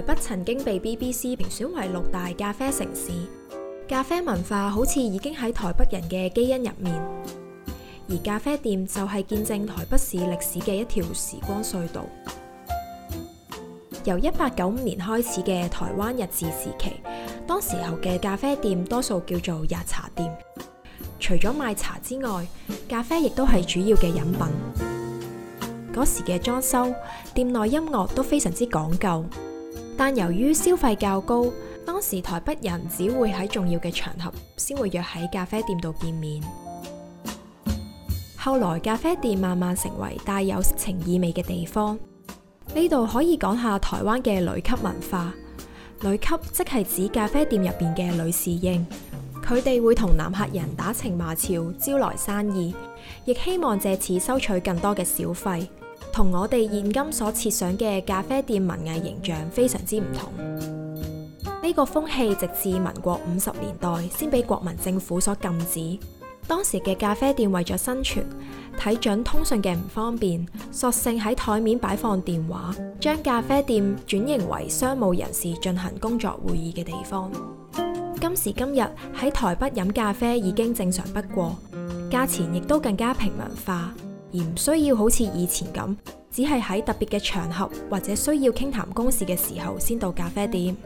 台北曾經被 BBC 評選為六大咖啡城市，咖啡文化好似已經喺台北人嘅基因入面。而咖啡店就係見證台北市歷史嘅一條時光隧道。由一八九五年開始嘅台灣日治時期，當時候嘅咖啡店多數叫做日茶店，除咗賣茶之外，咖啡亦都係主要嘅飲品。嗰時嘅裝修、店內音樂都非常之講究。但由於消費較高，當時台北人只會喺重要嘅場合先會約喺咖啡店度見面。後來咖啡店慢慢成為帶有色情意味嘅地方。呢度可以講下台灣嘅女級文化。女級即係指咖啡店入邊嘅女侍應，佢哋會同男客人打情罵俏，招來生意，亦希望借此收取更多嘅小費。同我哋現今所設想嘅咖啡店文藝形象非常之唔同。呢個風氣直至民國五十年代先俾國民政府所禁止。當時嘅咖啡店為咗生存，睇準通訊嘅唔方便，索性喺台面擺放電話，將咖啡店轉型為商務人士進行工作會議嘅地方。今時今日喺台北飲咖啡已經正常不過，價錢亦都更加平民化。而唔需要好似以前咁，只係喺特別嘅場合或者需要傾談公事嘅時候先到咖啡店。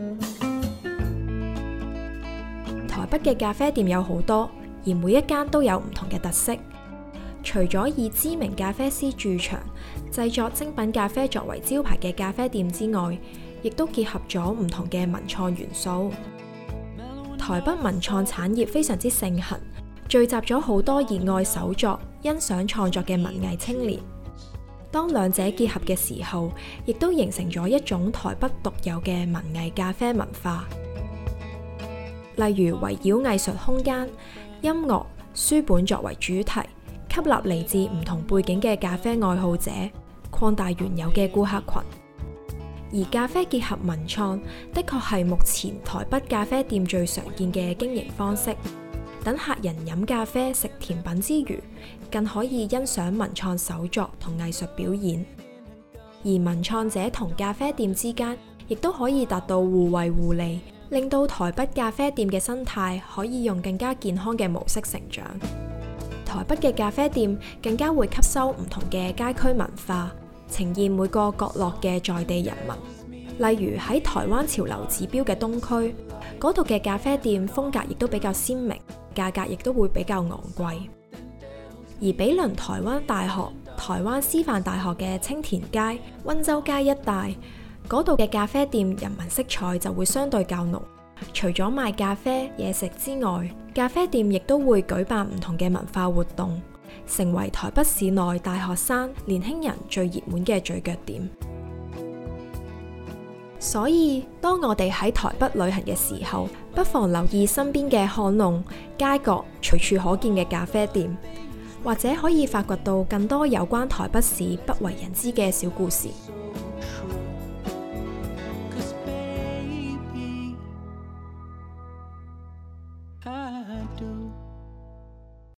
台北嘅咖啡店有好多，而每一間都有唔同嘅特色。除咗以知名咖啡師駐場製作精品咖啡作為招牌嘅咖啡店之外，亦都結合咗唔同嘅文創元素。 台北文創產業非常之盛行，聚集咗好多熱愛手作。欣賞創作嘅文藝青年，當兩者結合嘅時候，亦都形成咗一種台北獨有嘅文藝咖啡文化。例如圍繞藝術空間、音樂、書本作為主題，吸納嚟自唔同背景嘅咖啡愛好者，擴大原有嘅顧客群。而咖啡結合文創，的確係目前台北咖啡店最常見嘅經營方式。等客人飲咖啡、食甜品之餘，更可以欣賞文創手作同藝術表演。而文創者同咖啡店之間，亦都可以達到互惠互利，令到台北咖啡店嘅生態可以用更加健康嘅模式成長。台北嘅咖啡店更加會吸收唔同嘅街區文化，呈現每個角落嘅在地人民。例如喺台灣潮流指標嘅東區，嗰度嘅咖啡店風格亦都比較鮮明。價格亦都會比較昂貴，而比鄰台灣大學、台灣師範大學嘅青田街、溫州街一帶，嗰度嘅咖啡店人文色彩就會相對較濃。除咗賣咖啡、嘢食之外，咖啡店亦都會舉辦唔同嘅文化活動，成為台北市內大學生、年輕人最熱門嘅聚腳點。所以，當我哋喺台北旅行嘅時候，不妨留意身邊嘅巷弄街角，隨處可見嘅咖啡店，或者可以發掘到更多有關台北市不為人知嘅小故事。